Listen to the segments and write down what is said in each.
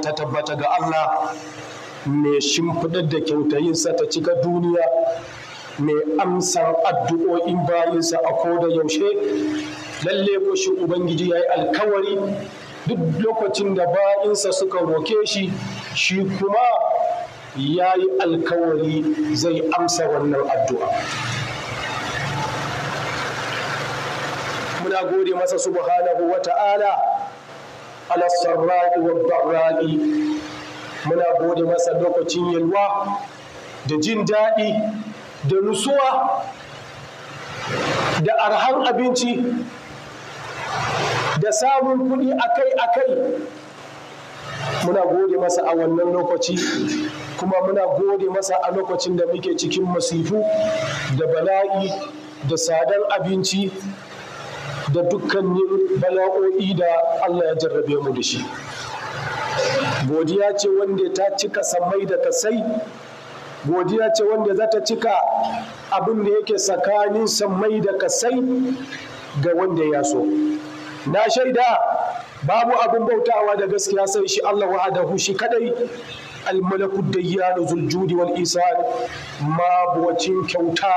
ta tabbata ga Allah mai shimfiɗar da kyautayinsa ta cika duniya mai amsar addu'o'in bayinsa a ko da yaushe lalle ko shi ubangiji ya yi alkawari duk lokacin da bayansa suka roke shi shi kuma ya yi alkawari zai amsa wannan addu'a muna gode masa subhanahu wa ta'ala ala sarra'i wa barra'i muna gode masa lokacin yalwa da jin daɗi da nutsuwa da arhan abinci da samun kuɗi akai-akai muna gode masa a wannan lokaci kuma muna gode masa a lokacin da muke cikin masifu da bala'i da sadan abinci da dukkanin bala'o'i da Allah ya jarrabe mu da shi godiya ce wanda ta cika samai da kasai godiya ce wanda za ta cika abin da yake tsakanin samai da kasai ga wanda ya so na shaida babu abin bautawa da gaskiya sai shi Allah wa'adahu shi kadai almalaku da zuljudi wal isan mabuwacin kyauta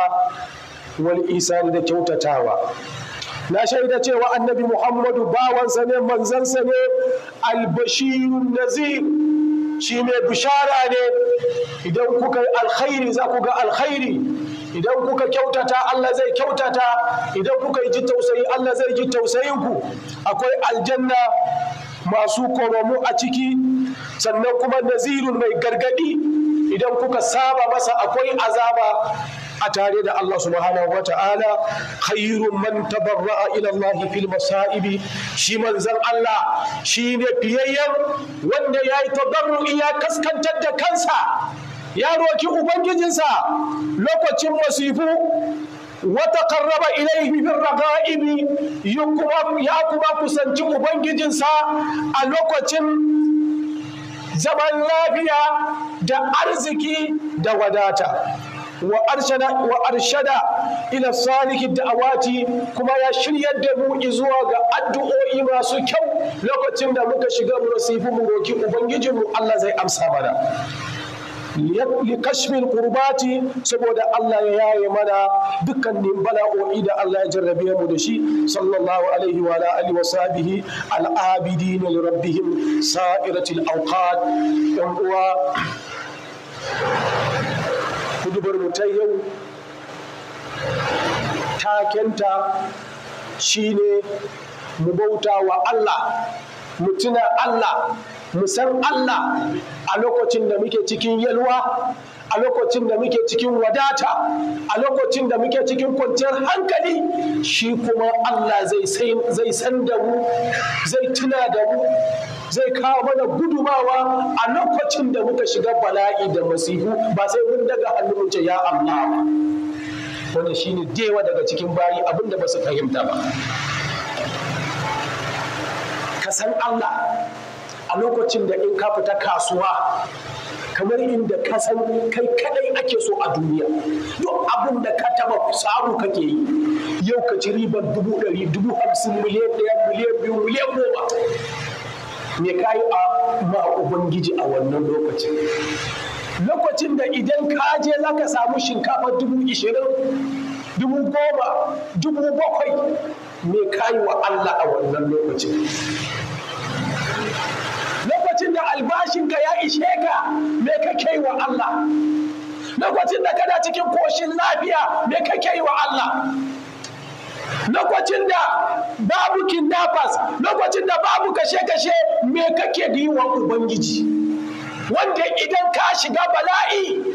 wal isa da kyautatawa na shaida cewa annabi muhammadu bawansa ne manzansa ne albashirun nazir shi mai bishara ne idan kuka yi alkhairi za ku ga alkhairi idan kuka kyautata Allah zai kyautata idan kuka yi ji tausayi Allah zai ji tausayinku akwai aljanna masu koromu a ciki sannan kuma nazirun mai gargadi idan kuka saba masa akwai azaba a tare da Allah subhanahu wa ta'ala khairun man tabarra'a ila fil masa'ibi shi manzan Allah shi ne fiyayyen wanda ya yi tabarru'i iya kaskantar da kansa ya roki ubangijinsa lokacin masifu wata karraba ilaihi bin raga'ibi ya kuma kusanci ubangijinsa a lokacin zaman lafiya da arziki da wadata ina da awati kuma ya الدعوات كما يشري zuwa ga addu'o'i masu kyau, lokacin da muka shiga mu nasifu mu roki ubangijin mu Allah zai amsa mana likashfil qurbati saboda Allah ya yaye mana dukkanin bala'o'i da Allah ya jarrabe mu da shi sallallahu alaihi wa ala wa sahbihi al-abidin li rabbihim sa'iratil awqat yan uwa hudubar mu ta yau takenta shine mu bauta wa Allah mu tuna Allah mu san Allah a lokacin da muke cikin yalwa a lokacin da muke cikin wadata a lokacin da muke cikin kwanciyar hankali shi kuma Allah zai san da mu zai tuna da mu zai kawo mana gudumawa a lokacin da muka shiga bala'i da masihu ba sai mun daga hannu wuce ya Allah ba wannan shine dewa daga cikin bayi abinda ba su fahimta ba ka san Allah a lokacin da in ka fita kasuwa kamar inda ka san kai kadai ake so a duniya duk abin da ka taba samu kake yi yau ka ci ribar dubu ɗari dubu hamsin miliyan ɗaya miliyan biyu miliyan goma me yi a ma ubangiji a wannan lokacin lokacin da idan ka je za ka samu shinkafa dubu ishirin dubu goma dubu bakwai me yi wa Allah a wannan lokacin lokacin da albashinka ya ishe ka me kake wa Allah lokacin da kana cikin koshin lafiya me kake wa Allah lokacin da babu kidnappers lokacin da babu kashe-kashe me kake da yi wa ubangiji wanda idan ka shiga bala'i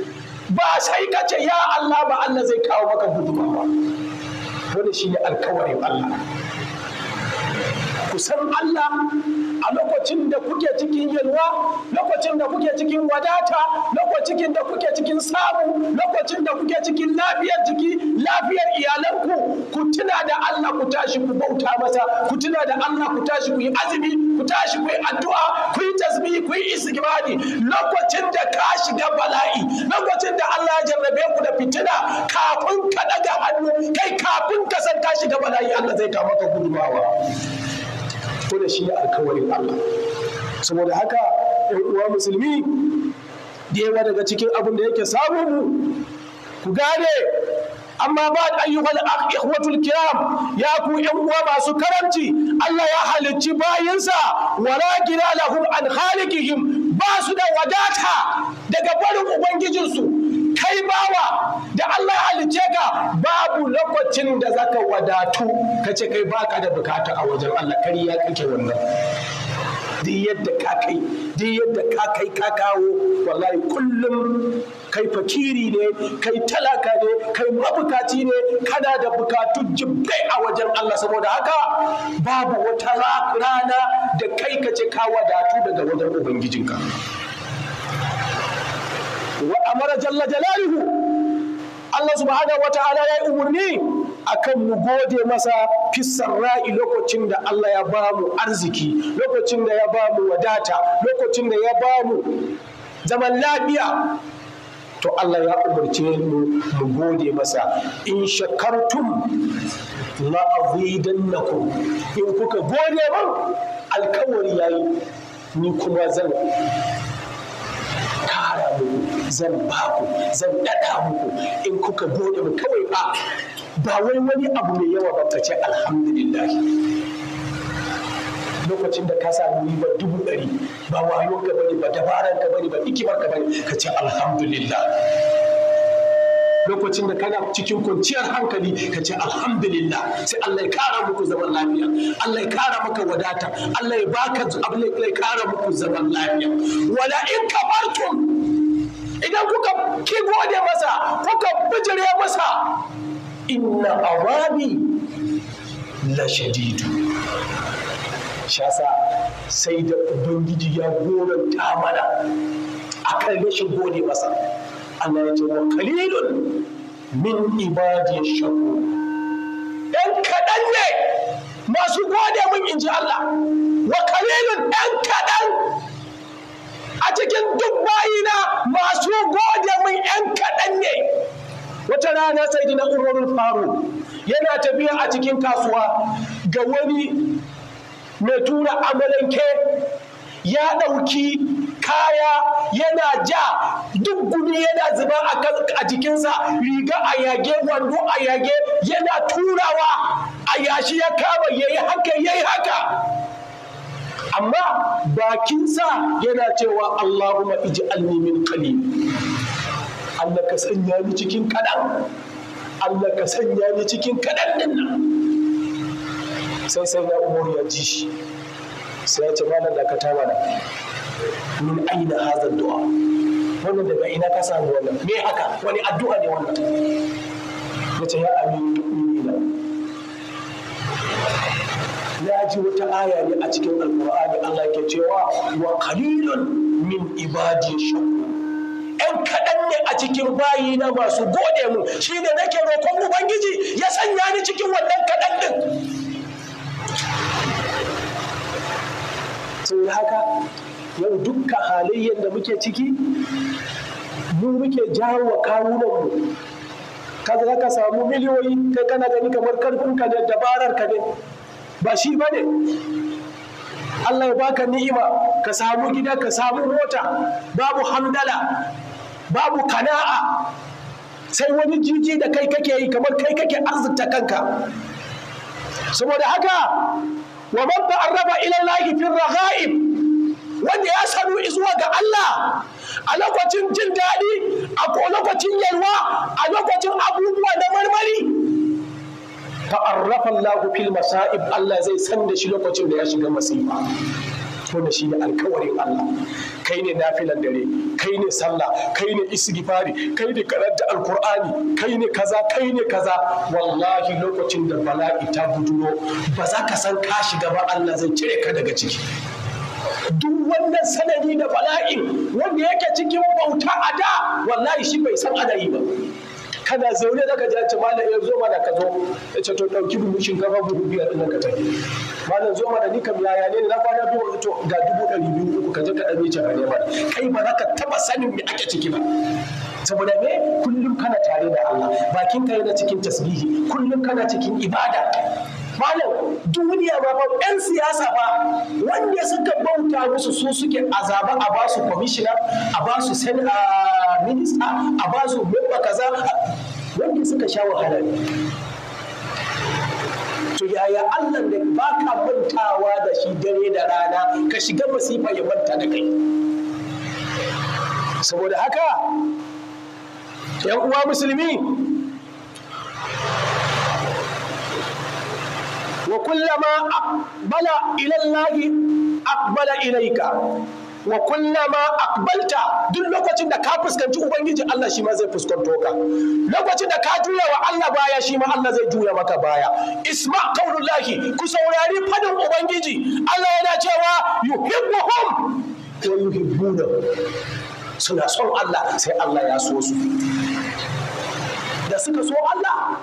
ba sai ka ce ya Allah ba Allah zai kawo maka gudu ba wanda shi ne alkawarin Allah kusan Allah a lokacin da kuke cikin yalwa lokacin da kuke cikin wadata lokacin da kuke cikin samu lokacin da kuke cikin lafiyar jiki lafiyar iyalanku ku tuna da Allah ku tashi ku bauta masa ku tuna da Allah ku tashi ku yi azumi ku tashi ku yi addu'a ku yi tasbihi ku yi istighfari lokacin da ka shiga bala'i lokacin da Allah ya jarrabe ku da fitina kafin ka daga hannu kai kafin ka san ka shiga bala'i Allah zai ta maka gudumawa da shi ne alkawarin Allah saboda haka ‘yan uwa musulmi da yawa daga cikin abin da yake samun mu ku gane amma ba ayyukan ikhwatul kiram ya ku yan uwa masu karamci Allah ya halicci bayinsa wala gina lahum an khaliqihim ba su da wadata daga barin ubangijinsu kai bawa da Allah ya halice ka babu lokacin da zaka wadatu ka ce kai baka da bukata a wajen Allah ya kake wannan duk yadda ka kai duk yadda ka kai ka kawo wallahi kullum kai fakiri ne kai talaka ne kai mabukaci ne kana da bukatu jibbai a wajen Allah saboda haka babu wata rana da kai ka ce ka wadatu daga wajen ubangijinka wa amara jalla jalaluhu Allah subhanahu wataala ya yi umarni akan mu gode masa fisarra'i lokacin da Allah ya ba mu arziki lokacin da ya ba mu wadata lokacin da ya ba mu zaman lafiya to Allah ya umarce mu mu gode masa in shakartum la azidannakum in kuka gode min alkawari yayi ni kuma zan tara muku zan ba ku zan dada muku in kuka bude mu kawai ba ba wai wani abu mai yawa ba ka ce alhamdulillah lokacin da ka samu ba dubu ɗari ba wayo ka bane ba dabaran ka bane ba ikimar ka bane ka ce alhamdulillah lokacin da kana cikin kwanciyar hankali ka ce alhamdulillah sai Allah ya kara muku zaman lafiya Allah ya kara maka wadata Allah ya baka ya kara muku zaman lafiya wala in kafartum idan kuka ki gode masa kuka bijire masa inna awabi la shadidu shasa sai da ubangiji ya goranta mana akan rashin gode masa Allah wa kalilun min ibadi ɗan kaɗan ne masu gode mun inji Allah wa kalilun ɗan kaɗan a cikin duk bayina masu gode mun ɗan kaɗan ne wata rana sai na umarul faru yana tafiya a cikin kasuwa ga wani mai tura amalanke ya ɗauki kaya yana ja duk gumi yana zuba a jikinsa riga a yage wando a yage yana turawa a yashi ya kama ya yi haka ya yi haka amma bakinsa yana cewa Allahumma iji min qalil Allah ka sanya ni cikin kaɗan Allah ka sanya ni cikin kadan din nan sai sai da umar ya ji shi sai ya ce malam da ka min aina haza du'a wannan daga ina ka samu wannan me haka wani addu'a ne wannan ce ya amina na ji wata aya ne a cikin alqur'ani Allah ke cewa wa qalilun min ibadi Yan kaɗan ne a cikin bayi na masu gode mu shine nake roƙon ubangiji ya sanya ni cikin wannan kaɗan din sai haka yau dukkan halayyar da muke ciki mu muke jawo wa kawunanmu ka za ka samu miliyoyi kai kana gani kamar ka ne dabararka ne ba shi ba ne Allah ya baka ni'ima ka samu gida ka samu mota babu hamdala babu kana'a sai wani jiji da kai kake yi kamar kai kake arzuta kanka saboda haka wa man ta'arraba ila Allah fi raghaib wanda ya sanu zuwa ga Allah a lokacin jin daɗi a lokacin yalwa a lokacin abubuwa da marmari ta'arrafa Allah fil masa'ib Allah zai san da shi lokacin da ya shiga masifa to da shi ne alkawarin Allah kai ne nafilan dare kai ne sallah kai ne istighfari kai ne karanta alkur'ani kai ne kaza kai ne kaza wallahi lokacin da bala'i ta buduro ba za ka san ka shiga ba Allah zai cire ka daga ciki duk wannan sanadi da bala'in wanda yake cikin bauta a da wallahi shi bai san adayi ba kana zaune zaka ji ta malam ya eh, zo mana ka zo ya ce to dauki buhu shinkafa buhu biyar din ka tafi malam zo mana ni kam ya ne na kwana biyu to ga dubu ɗari biyu uku ka je ka ɗan ce ka nema kai ba za ka taɓa sanin me ake ciki ba saboda me kullum kana tare da Allah bakin ka yana cikin tasbihi kullum kana cikin ibada malam duniya ba ba ɗan siyasa ba wanda suka bauta musu su suke azaba a basu commissioner a basu sen a minister a basu member kaza wanda suka sha wahala ne to yaya Allah da ba ka mantawa da shi dare da rana ka shiga masifa ya manta da kai saboda haka yan uwa musulmi kullama aqbala ila llahi aqbala ilayka wa kullama aqbalta duk lokacin da ka fuskanci ubangiji Allah shi ma zai fuskanto ka lokacin da ka juya wa Allah baya shi ma Allah zai juya maka baya isma qaulullahi ku saurari fadin ubangiji Allah yana cewa yuhibbuhum wa yuhibbuna suna son Allah sai Allah ya so su da suka so Allah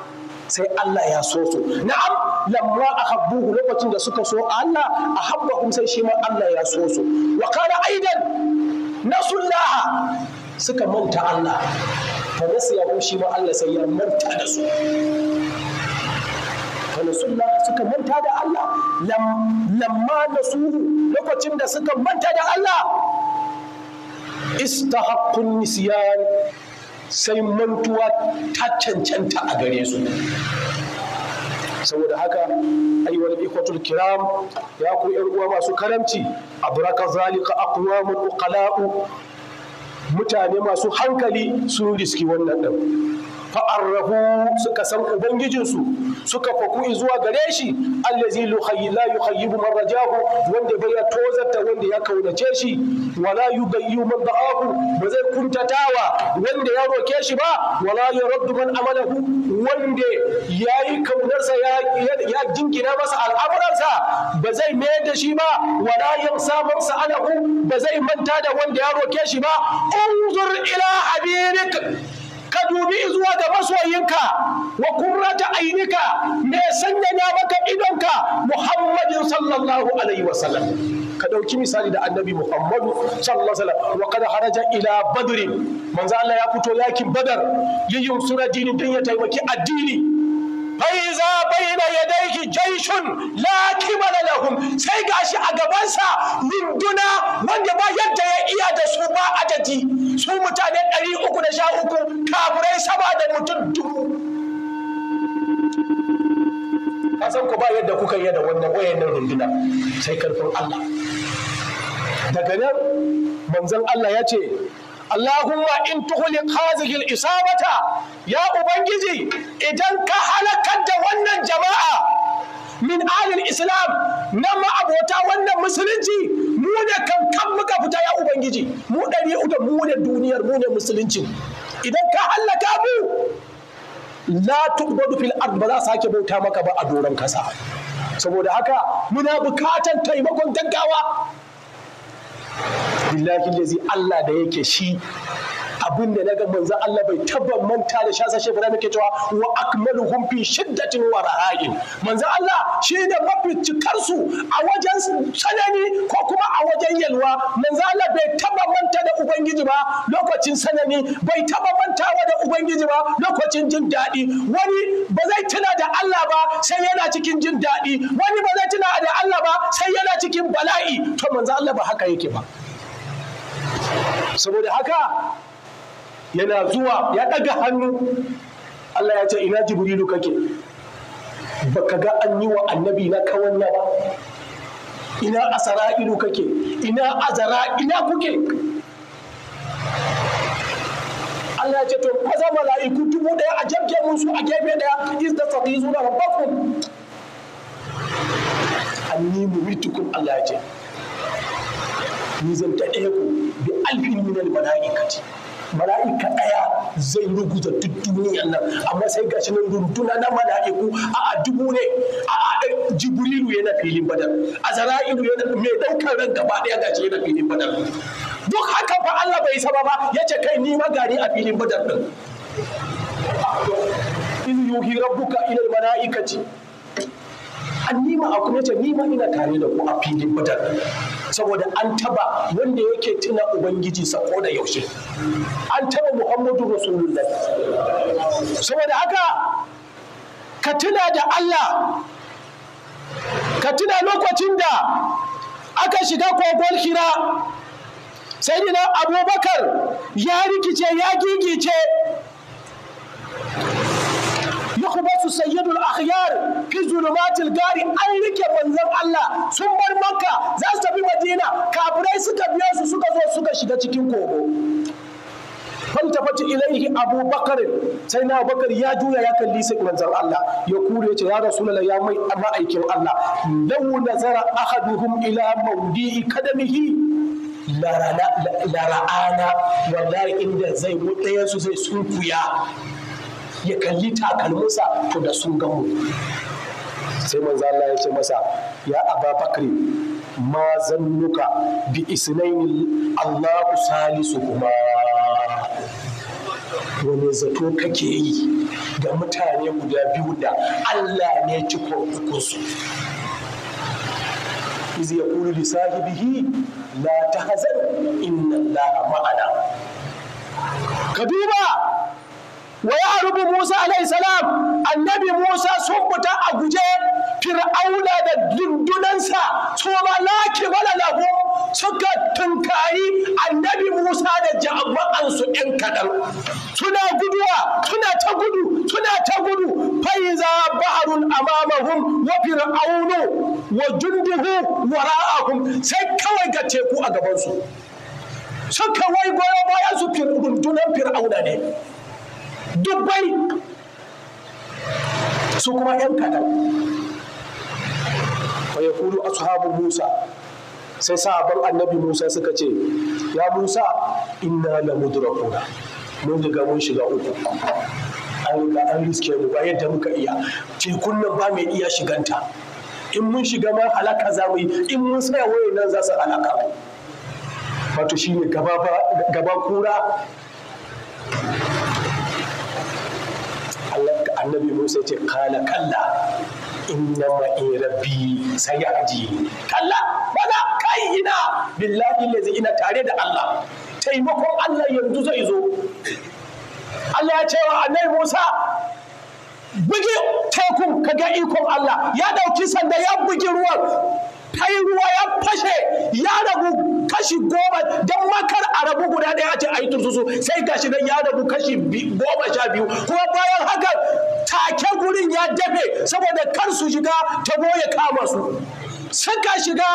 sai Allah ya so su na'am lamma ahabbuhu lokacin da suka so Allah ahabbahum sai shi ma Allah ya so su wa kana aidan nasullaha suka manta Allah fa nasiyahu shi ma Allah sai ya manta da su wani suka manta da Allah lamma da su lokacin da suka manta da Allah istahaqqun nisyan sai mantuwa ta cancanta a gare su saboda haka ayyuhal ikwatul kiram ya ku yan uwa masu karamci abraka zalika aqwamul uqala'u mutane masu hankali sun riski wannan din fa'arrahu suka san ubangijinsu suka faku zuwa gare shi allazi la yukhayyibu man rajahu wanda bai ya tozarta wanda ya kaunace shi wala yubayyu man da'ahu ba zai kuntatawa wanda ya roke shi ba wala yaraddu man amalahu wanda yayi kaunarsa ya jingina masa al'amuransa ba zai mayar da shi ba wala yamsa man sa'alahu ba zai manta da wanda ya roke shi ba unzur ila habibik ka dubi zuwa ga masoyinka wa kurrata ainika me sanyaya maka idonka muhammadin sallallahu alaihi wasallam ka dauki misali da annabi muhammadu sallallahu alaihi wasallam wa kada haraja ila badri manzo Allah ya fito yakin badar yayin sura dini dan ya taimaki addini faiza bayna yadayhi jayshun la kibala lahu kuka yi da wannan wayannan runduna sai karfin Allah daga nan manzon Allah ya ce Allahumma in tuhlik hazihil isabata ya ubangiji idan ka halakar da wannan jama'a min alil islam na ma'abota wannan musulunci mu ne kan kan muka fita ya ubangiji mu ɗari uda mu ne duniyar mu ne musulunci idan ka hallaka mu la tuqbadu fil ard ba za sake bauta maka ba a doron kasa saboda haka muna bukatan taimakon gaggawa billahi lazi Allah da yake shi abin da naga manzo Allah bai tabban manta da shasa shebra nake cewa wa akmaluhum fi shiddatin wa rahain manzo Allah shi da mafi cikarsu a wajen sanani ko kuma a wajen yalwa ubangiji ba lokacin sanani bai taɓa mantawa da ubangiji ba lokacin jin daɗi wani ba zai tuna da Allah ba sai yana cikin jin daɗi wani ba zai tuna da Allah ba sai yana cikin bala'i to manzo Allah ba haka yake ba saboda haka yana zuwa ya ɗaga hannu Allah ya ce ina jibrilu kake baka ga an yi wa annabi na kawanya ba ina asara'ilu kake ina azara ina kuke Allah ya ce to maza mala'iku dubu ɗaya a jabge su a gefe ɗaya is da sadi zuna rabbakum anni mumitukum Allah ya ce ni zan ku bi alfin min al mala'ikati mala'ika ɗaya zai ruguza duk duniyan nan amma sai gashi nan runtuna na mala'iku a dubu ne a jibrilu yana filin badar azra'ilu yana mai daukar ran gaba ɗaya gashi yana filin badar duk haka fa Allah bai saba ba ya ce kai ni magani a filin badar din in yuhi rabbuka ila malaikati annima a kuma ce nima ina tare da ku a filin badar saboda an taba wanda yake tuna ubangiji sako da yaushe an taba muhammadu rasulullah saboda haka ka tuna da allah ka tuna lokacin da aka shiga kogon hira sai dina abubakar ya rikice ya gigice su sayyidul akhyar fi zulumatil gari an rike manzon Allah sun bar makka za su tafi madina kafirai suka biyo su suka zo suka shiga cikin kogo faltafata ilaihi abu bakar sai na bakar ya juya ya kalli sai manzon Allah ya kure ce ya rasulullah ya mai ma'aikin Allah law nazara ahaduhum ila mawdi'i kadamihi lara'ana wallahi inda zai ɗayan su zai sunkuya ya kalli takalminsa to da sun gamu sai manzo Allah ya ce masa ya ababakri ma zannuka bi isnaini Allahu kuma wani zato kake yi ga mutane guda biyu da Allah ne cikon ukunsu Izi ya kulu li sahibihi la tahzan inna allaha ma'ana ka duba wa ya rubu Musa alaihi annabi Musa sun fita a guje fir'auna da dundunansa su ma laki wala suka tunkari annabi Musa da jama'ansu ɗin kaɗan suna guduwa suna ta gudu suna ta gudu faiza baharun amamahum wa fir'aunu wa junduhu ra'ahum sai kawai ga teku a gabansu suka wai goyo bayan su fir'aula fir'auna ne dubbai su kuma ‘yan kaɗan fa ya kudu ashabu musa sai sahabban annabi musa suka ce ya musa inna la mudrakuna mun ga mun shiga uku an riga an riske mu ba yadda muka iya tekun nan ba mai iya shiganta in mun shiga ma halaka za mu yi in mun tsaya wayoyin nan za su halaka wato ne gaba kura annabi musa ce kala kalla inna in rabbi sai kalla bana kai ina billahi lazi ina tare da allah taimakon allah yanzu zai zo allah ya ce wa annabi musa bugi tekun ka ga ikon allah ya dauki sanda ya bugi ruwan tai ruwa ya fashe ya ragu kashi goma don makar a rabu guda ɗaya ce a yi tursusu sai gashi nan ya rabu kashi goma sha biyu kuma bayan haka take gurin ya dafe saboda kar su shiga ta ya kama su suka shiga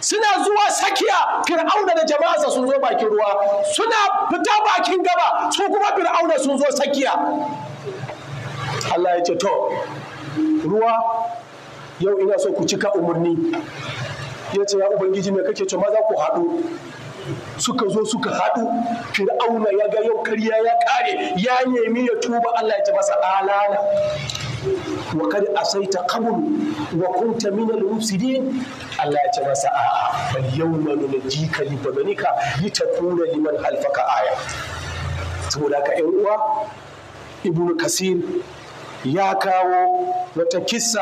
suna zuwa sakiya fir'auna da jama'arsa sun zo bakin ruwa suna fita bakin gaba su kuma fir'auna sun zo sakiya Allah ya ce to ruwa yau ina so ku cika umarni ya ce ya ubangiji me kake ce maza ku haɗu suka zo suka haɗu fir'auna ya ga yau karya ya kare ya nemi ya tuba Allah ya ta masa alana wa kad asaita qabl wa kunta min al mufsidin Allah ya ce masa a'a bal yawma nunjika li badanika litakuna liman halfaka aya saboda ka ƴan uwa ibnu kasir ya kawo wata kisa.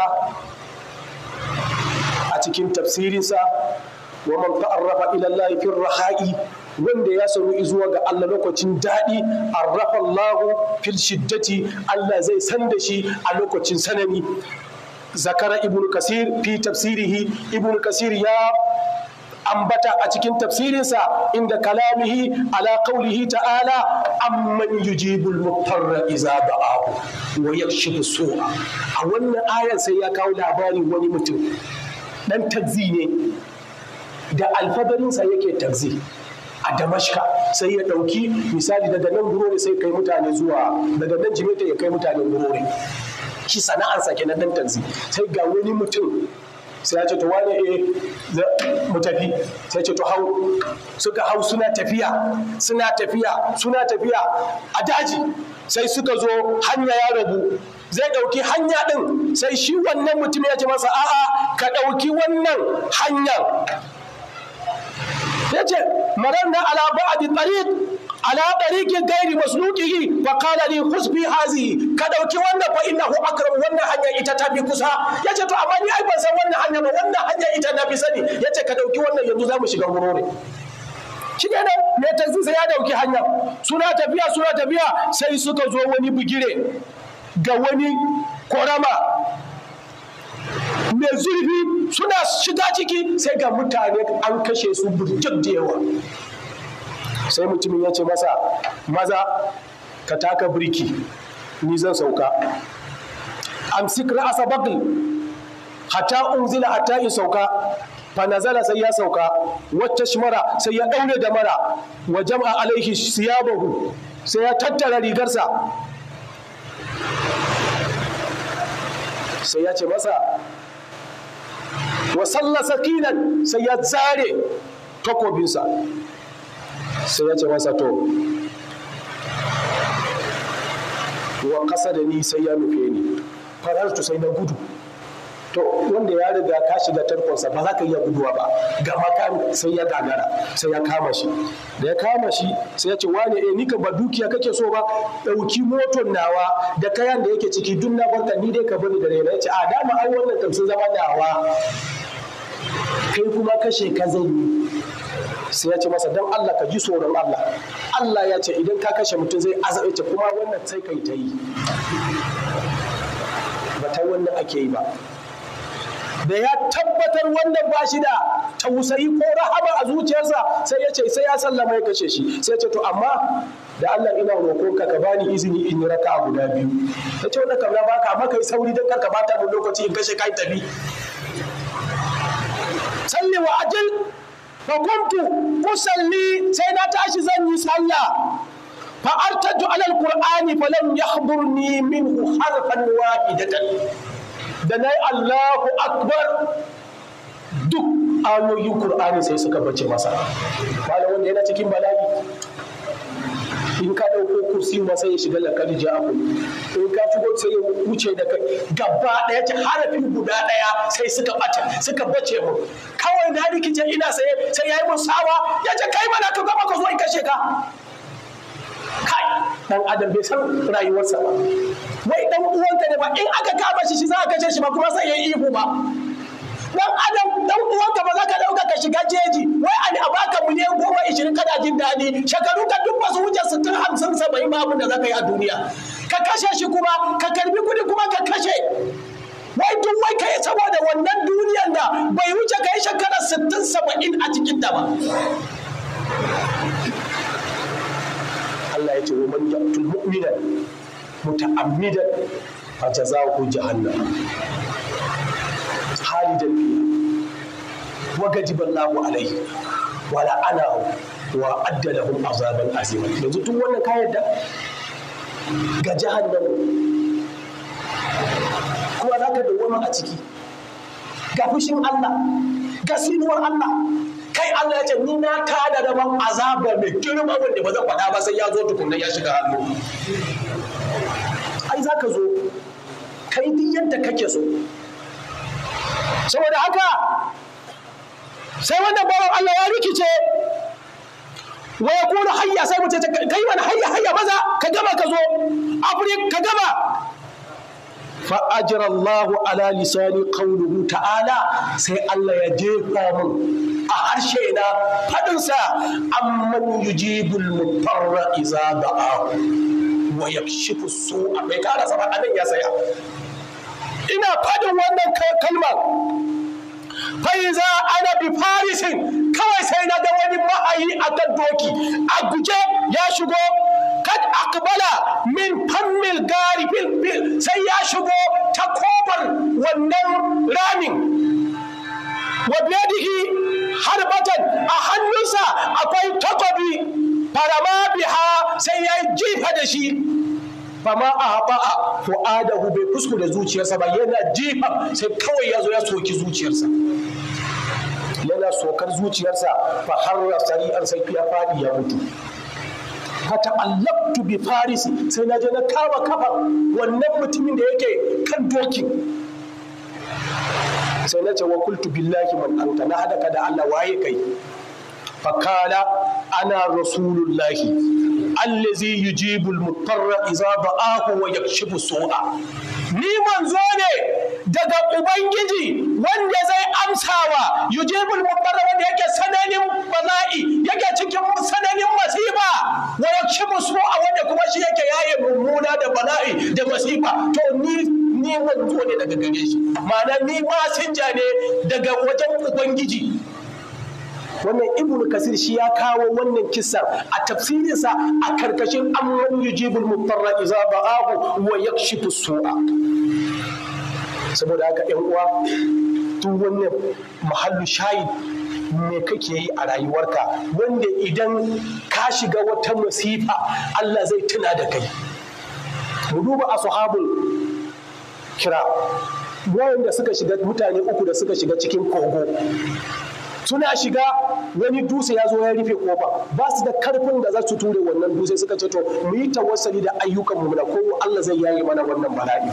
cikin tafsirinsa wa man ta'arrafa ila Allah fi raha'i wanda ya sanu zuwa ga Allah lokacin daɗi arrafa Allah fil shiddati Allah zai san da shi a lokacin sanani zakara ibnu kasir fi tafsirihi ibnu kasir ya ambata a cikin tafsirinsa inda kalamihi ala qaulihi ta'ala amman yujibul muttarra iza da'ahu wa yakshifu su'a a wannan ayan sai ya kawo labarin wani mutum ɗan tagzi ne da alfabarinsa yake tagzi a damashka sai ya ɗauki misali daga nan gurore sai kai mutane zuwa daga nan jimeta ya kai mutane gurore shi sana'arsa kenan dan tagzi sai ga wani mutum sai ya ce to wane eh mu tafi sai ce to hau suka hau suna tafiya suna tafiya suna tafiya a daji sai suka zo hanya ya rabu zai ɗauki hanya ɗin sai shi wannan mutum ya ce masa a'a ka ɗauki wannan hanyar ya ce marar na ala ba'adi tariq ala tariqin gairi yi fa qala li khusbi hazi ka ɗauki wannan fa innahu akram wannan hanya ita ta fi kusa Ya ce to amma ni ai ban san wannan hanya ba wannan hanya ita na fi sani Ya ce ka ɗauki wannan yanzu za mu shiga wurore shi ne me ta ya ɗauki hanya suna tafiya suna tafiya sai suka zo wani bugire ga wani korama Me zurfi suna shiga ciki sai ga mutane an kashe su burjik da yawa sai mutumin ya ce masa maza ka taka birki ni zan sauka amsik ra'asa baql hatta unzila hatta in sauka fa sai ya sauka wacce shimara sai ya daure da mara wa jama'a alaihi siyabahu sai ya tattara rigarsa sai ya ce masa wa salla sakinan sai ya zare takobinsa sai ya ce masa to wa ƙasa da ni sai ya nufe ni farar tu sai na gudu to wanda ya riga ka shiga tarkonsa ba za ka iya guduwa ba ga makami sai ya gagara sai ya kama shi da ya kama shi sai ya ce wane eh ni ka ba dukiya kake so ba dauki motar nawa da kayan da yake ciki duk na barka ni dai ka bani da raina yace a dama ai wannan tamsin zama nawa kai kuma kashe ka zai yi sai ya ce masa don Allah ka ji tsoron Allah Allah ya ce idan ka kashe mutum zai azabce kuma wannan sai kai ta yi ba ta wannan ake yi ba da ya tabbatar wannan ba shi da tausayi ko rahama a zuciyarsa sai ya ce sai ya sallama ya kashe shi sai ce to amma da Allah ina roko ka ka bani izini in yi raka guda biyu ya ce wannan kamar baka amma yi sauri don karka bata mu lokaci in kashe kai tafi salli wa ajil fa kuntu usalli sai na tashi zan yi sallah fa artaju ala alqur'ani fa lam yahdurni minhu harfan wahidatan da nayi Allahu akbar duk ayoyin qur'ani sai suka bace masa malam wanda yana cikin bala'i in ka dauko siyu ba sai ya shiga ji abu in ka shigo sai ya wuce da kai gaba ɗaya ta harafi guda ɗaya sai suka bace suka bace mu kawai na rikice ina saye sai ya yi mun sawa ya ce kai mana ka gama ka zo in kashe ka kai dan adam bai san rayuwarsa ba wai dan uwanka ne ba in aka kama shi shi za a kashe shi ba kuma sai ya yi ihu ba dan adam dan uwanka ba za ka dauka ka shiga jeji wai an a baka miliyan goma ishirin kana jin daɗi shekaru ka duk basu wuce sittin hamsin saba'in ba abin da za ka yi a duniya ka kashe shi kuma ka karbi kuɗi kuma ka kashe wai duk wai kai saboda wannan duniyan da bai wuce kai shekara sittin saba'in a cikin da ba Allah ya ce wa man yaqtul mu'mina muta'ammidan fa jazaohu jahannam khalidan fiha wa gadiba Allahu alai, wa la'anahu wa adda azaban azima yanzu duk wannan ka yadda ga jahannam kuma za ka dawwama a ciki ga fushin Allah ga sinuwar Allah kai Allah ya ce ni na tada da ban azaba mai girma wanda ba zan faɗa ba sai ya zo tukunna ya shiga hannu ai za ka zo kai duk yadda kake so saboda haka sai wannan bawan Allah ya rikice wa ya kuna hayya sai mace kai mana hayya hayya maza ka gama ka zo afrik ka gama fa ajra Allah ala lisani qawluhu ta'ala sai Allah ya jefa min a harshe na fadin sa amman yujibul mutarra iza da'ahu wa yakshifu su'a bai anan ya saya ina faɗin wannan kalmar faiza ana bi farisin kawai sai na ga wani ma'ayi a daddoki a guje ya shigo kad akbala min fammil gari sai ya shigo ta kobar wannan ramin wa biyadihi harbatan a hannunsa akwai takobi farama biha sai ya jifa da shi fama a haɓa'a adahu bai da zuciyarsa ba yana jifa sai kawai ya zo ya soki zuciyarsa yana sokar zuciyarsa fa harra sari'an sai ya fadi ya mutu hata allabtu bi farisi sai na je na kama kafa wannan mutumin da yake kan dokin sai na ce wa kultu billahi man anta na hadaka da Allah waye kai kala ana rasulullahi allazi yujibul mutarra idza da'ahu wa yakshifu su'a ni manzo ne daga ubangiji wanda zai amsawa yujibul mutarra wanda yake sananin bala'i yake cikin sananin masifa wa yakshifu su'a wanda kuma shi yake yaye mummuna da bala'i da masifa to ni ni manzo ne daga gare shi ma'ana ni masinja ne daga wajen ubangiji wannan ibnu kasir shi ya kawo wannan kisar a tafsirinsa a karkashin amman yujibul muttarra idza ba'ahu wa yakshifu su'a saboda haka yan uwa duk wannan mahallu shayi me kake yi a rayuwarka wanda idan ka shiga wata masifa Allah zai tuna da kai mu duba ashabul kira wayanda suka shiga mutane uku da suka shiga cikin kogo suna shiga wani dutse ya zo ya rufe kofa ba su da karfin da za su ture wannan dutse suka ce to mu yi tawassali da ayyukan mu na kowa Allah zai yaye mana wannan bala'i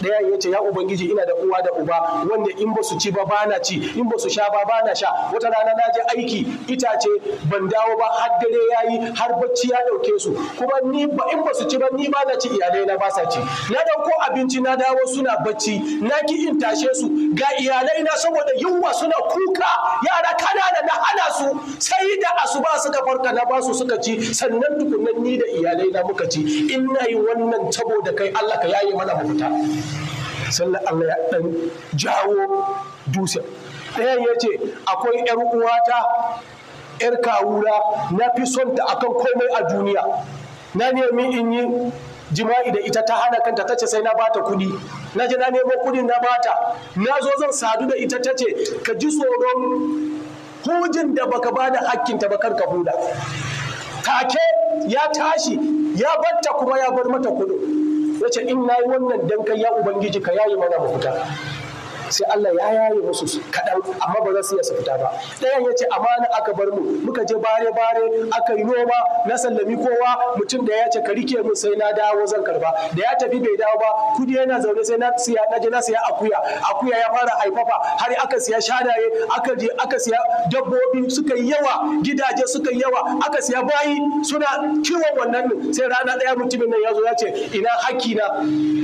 daya ya ce ya ubangiji ina da uwa da uba wanda in ba su ci ba bana ci in ba su sha ba bana sha wata rana na je aiki itace ban dawo ba har dare yayi har bacci ya dauke su kuma ni ba in ba su ci ba ni ba na ci iyalai na ba sa ci na dauko abinci na dawo suna bacci na ki in tashe su ga iyalai na saboda yunwa suna kuka yara kanana na hana su sai da asuba suka farka na basu suka ci sannan tukunan ni da iyalai na muka ci in na yi wannan tabo da kai Allah ka yaye mana mafita sannan Allah ya dan jawo dutsen Ɗaya ya ce akwai ‘yar uwata ‘yar kawura na fi son ta akan komai a duniya na nemi in yi jima'i da ita ta hana kanta ta ce sai na bata kudi na je na nemo kudin na bata na zo zan sadu da ita ta ce ka ji tsoron hujin da baka bada hakkinta ba ka huda take ya tashi ya batta kuma ya bar mata kudu yace in nayi wannan dan ya ubangiji ka yayi mana mafuta sai Allah ya yaye musu kaɗan amma ba za su iya su fita ba ɗayan ya ce amana aka bar mu muka je bare bare aka yi noma na sallami kowa mutum da ya ce ka rike mu sai na dawo zan karba da ya tafi bai dawo ba kudi yana zaune sai na siya na je na siya akuya akuya ya fara haifafa har aka siya shadaye aka je aka siya dabbobi suka yi yawa gidaje suka yi yawa aka siya bayi suna kiwon wannan sai rana ɗaya mutumin nan ya zo ya ce ina hakki na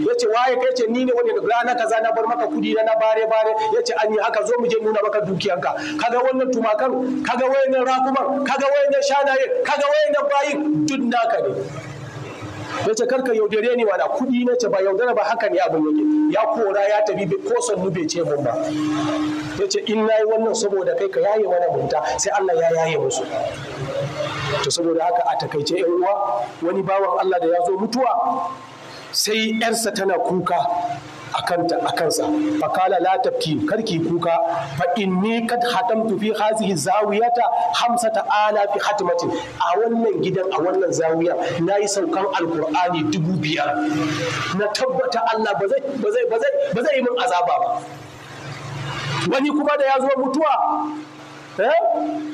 ya ce waye kai ce ni ne wani rana kaza na bar maka kudi na na bayi bare bare ce an yi haka zo mu je nuna maka dukiyanka kaga wannan tumakan kaga wayannan rakuman kaga wayannan shanaye kaga wayannan bayi duk naka ne yace karka yaudare ni wala kudi na ce ba yaudara ba haka ne abin yake ya kora ya tafi ko sannu bai ce mun ba yace in nayi wannan saboda kai ka yaye mana munta sai Allah ya yaye musu to saboda haka a takaice yan uwa wani bawan Allah da ya zo mutuwa sai yarsa tana kuka akanta kansa, fakala la tabki karki kuka fa inni kad hatamtu fi hazihi zawiyata hamsata ala fi hatmatin a wannan gidan a wannan zawiya nayi saukan alqur'ani dubu biyar na tabbata Allah ba zai ba zai yi min azaba ba wani kuma da ya zo mutuwa Eh?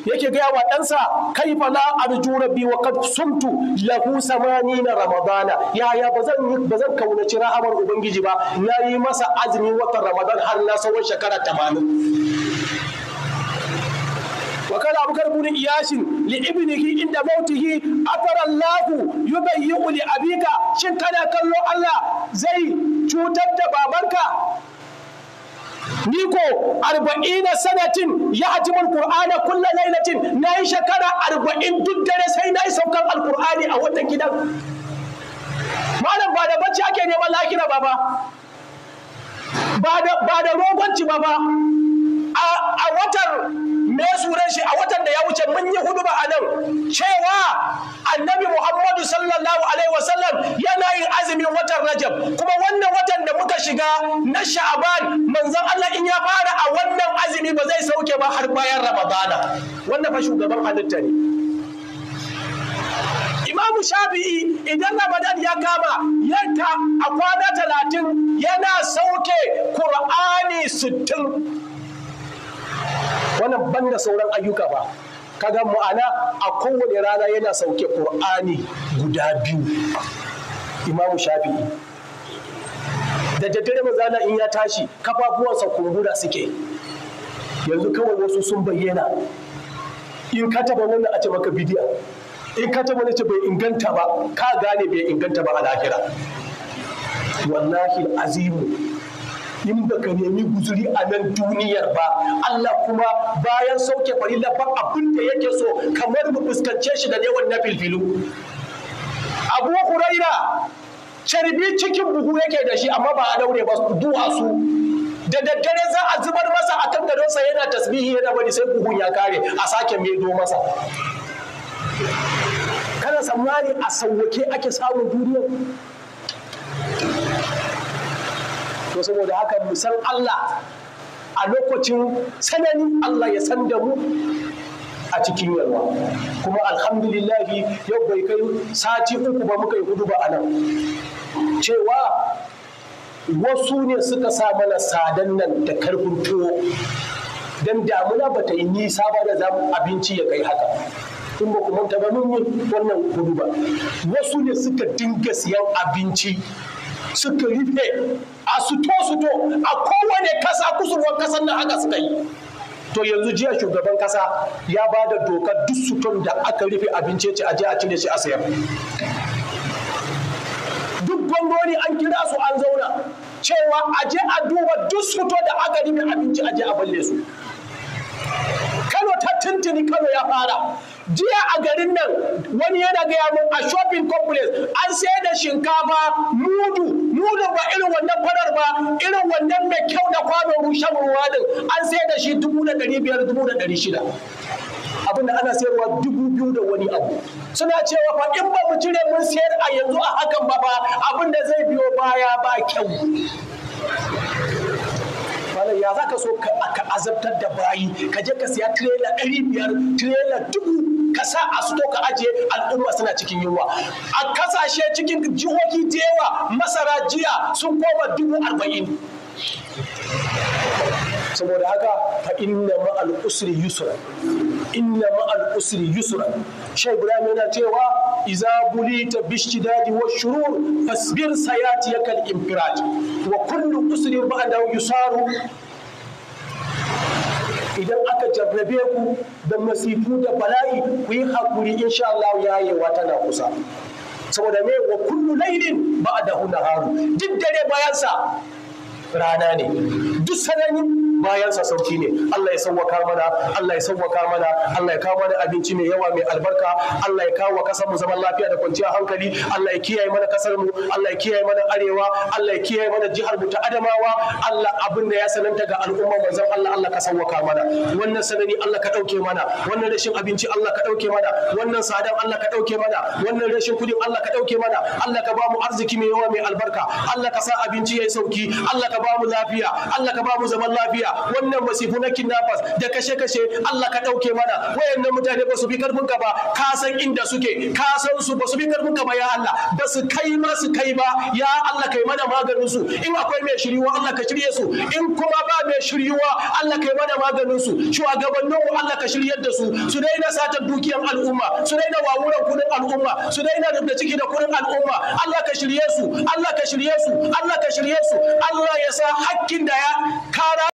yake gaya wa ɗansa kai fa la arju rabbi wa qad sumtu lahu samanina ramadana yaya bazan bazan kaunaci rahamar ubangiji ba yi masa azumin watan ramadan har na sawon shekara 80 وقال أبو بكر بن إياس لابنه عند موته أفر الله يبيئ لأبيك شن كان كلو الله زي cutar da babanka Niko arba'ina sanatin ya hajimul Qur'ana kulle lailatin na yi shekara arba'in duk dare sai na yi saukan alkur'ani a wata gidan. Malam ba da bacci ake neman lahira ba ba. Ba da rogonci ba ba. A watar me suran shi a watan da ya wuce mun yi ba a nan cewa annabi muhammadu sallallahu alaihi wasallam yana yin azumin watan rajab kuma wannan watan da muka shiga na sha'aban manzon allah in ya fara a wannan azumi ba zai sauke ba har bayan ramadana wannan fa shugaban halitta ne Imam Shafi'i idan Ramadan ya kama yanka a kwana talatin yana sauke Kur'ani sittin wannan da sauran ayyuka ba kaga ma'ana a kowane rana yana sauke qur'ani guda biyu imamu shafi'i da daddare mazana in ya tashi kafafuwansa kumbura suke yanzu kawai wasu sun bayyana in ka taba nuna a ce maka bidiya in ka taba ce bai inganta ba ka gane bai inganta ba a lahira wallahi azimu in baka nemi guzuri a nan duniyar ba Allah kuma bayan sauke farilla ba abin da yake so kamar mu fuskance shi da yawan na filfilu Abu Huraira carbi cikin buhu yake da shi amma ba a daure ba duwatsu da daddare za a zubar masa a kan gadonsa yana tasbihi yana bari sai buhun ya kare a sake medo masa kana samari a sauwake ake samun duniya to saboda haka mu san Allah a lokacin sanani Allah ya san da mu a cikin yalwa kuma alhamdulillahi yau bai kai sati uku ba muka yi hudu ba a nan cewa wasu ne suka sa mana sadan nan da karfin tuwo don damuna ba ta yi nisa ba da abinci ya kai haka in ba ku manta ba mun yi wannan hudu ba wasu ne suka dinga siyan abinci suka rufe a suto-suto a kowane kasa kusurwar kasar nan aka suka yi to yanzu jiya shugaban kasa ya ba da dokar duk suton da aka rufe abinci ce a je a cire shi a sayar duk gwamnoni an kira su an zauna cewa a je a duba duk suto da aka rufe abinci a je a balle su kano ta tuntuni kano ya fara jiya a garin nan wani yana gaya mun a shopping complex an sayar da shinkafa mudu kyau na kwano rushen ruwa din an sai da shi dubu da ɗari biyar dubu da ɗari shida abin da ana sayarwa dubu biyu da wani abu suna cewa fa in ba mu cire mun sayar a yanzu a hakan ba fa abin da zai biyo baya ba kyau malam ya za ka so ka azabtar da bayi ka je ka siya tirela ɗari biyar tirela dubu ka sa a suto ka ajiye al'umma suna cikin yunwa a kasashe cikin jihohi da yawa masara jiya sun koma dubu arba'in saboda haka fa inna ma'al usri yusra inna ma'al usri yusra shay ibrahim yana cewa iza bulita bishtidadi wa shurur fasbir sayati yakal infirat wa kullu usri ba'dahu yusaru idan aka jarrabe ku da masifu da bala'i ku yi hakuri insha Allah yayewa tana kusa saboda me wa kullu laylin ba'dahu naharu duk dare bayansa rana ne duk sanani bayansa sauki ne Allah ya sauwaka mana Allah ya sauwaka mana Allah ya kawo mana abinci mai yawa mai albarka Allah ya kawo kasar mu zaman lafiya da kwanciyar hankali Allah ya kiyaye mana kasar mu Allah ya kiyaye mana arewa Allah ya kiyaye mana jihar mu ta Adamawa Allah abin da ya sananta ga al'umma manzon Allah Allah ka sauwaka mana wannan sanani Allah ka dauke mana wannan rashin abinci Allah ka dauke mana wannan sadan Allah ka dauke mana wannan rashin kudin Allah ka dauke mana Allah ka ba mu arziki mai yawa mai albarka Allah ka sa abinci yayi sauki Allah ka ba mu lafiya Allah ka ba mu zaman lafiya wannan masifu na kidnappers da kashe-kashe Allah ka ɗauke mana wayannan mutane ba su bi karfin ka ba ka san inda suke ka san su ba su bi karfin ka ba ya Allah ba su kai ma su kai ba ya Allah kai mana maganin su in akwai mai shiryuwa Allah ka shirye su in kuma ba mai shiryuwa Allah kai mana maganin su shugabannin Allah ka shiryar da su su daina satar dukiyar al'umma su daina wawuran kudin al'umma su daina rubuta ciki da kudin al'umma Allah ka shirye su Allah ka shirye su Allah ka shirye su Allah ya sa hakkin da ya kara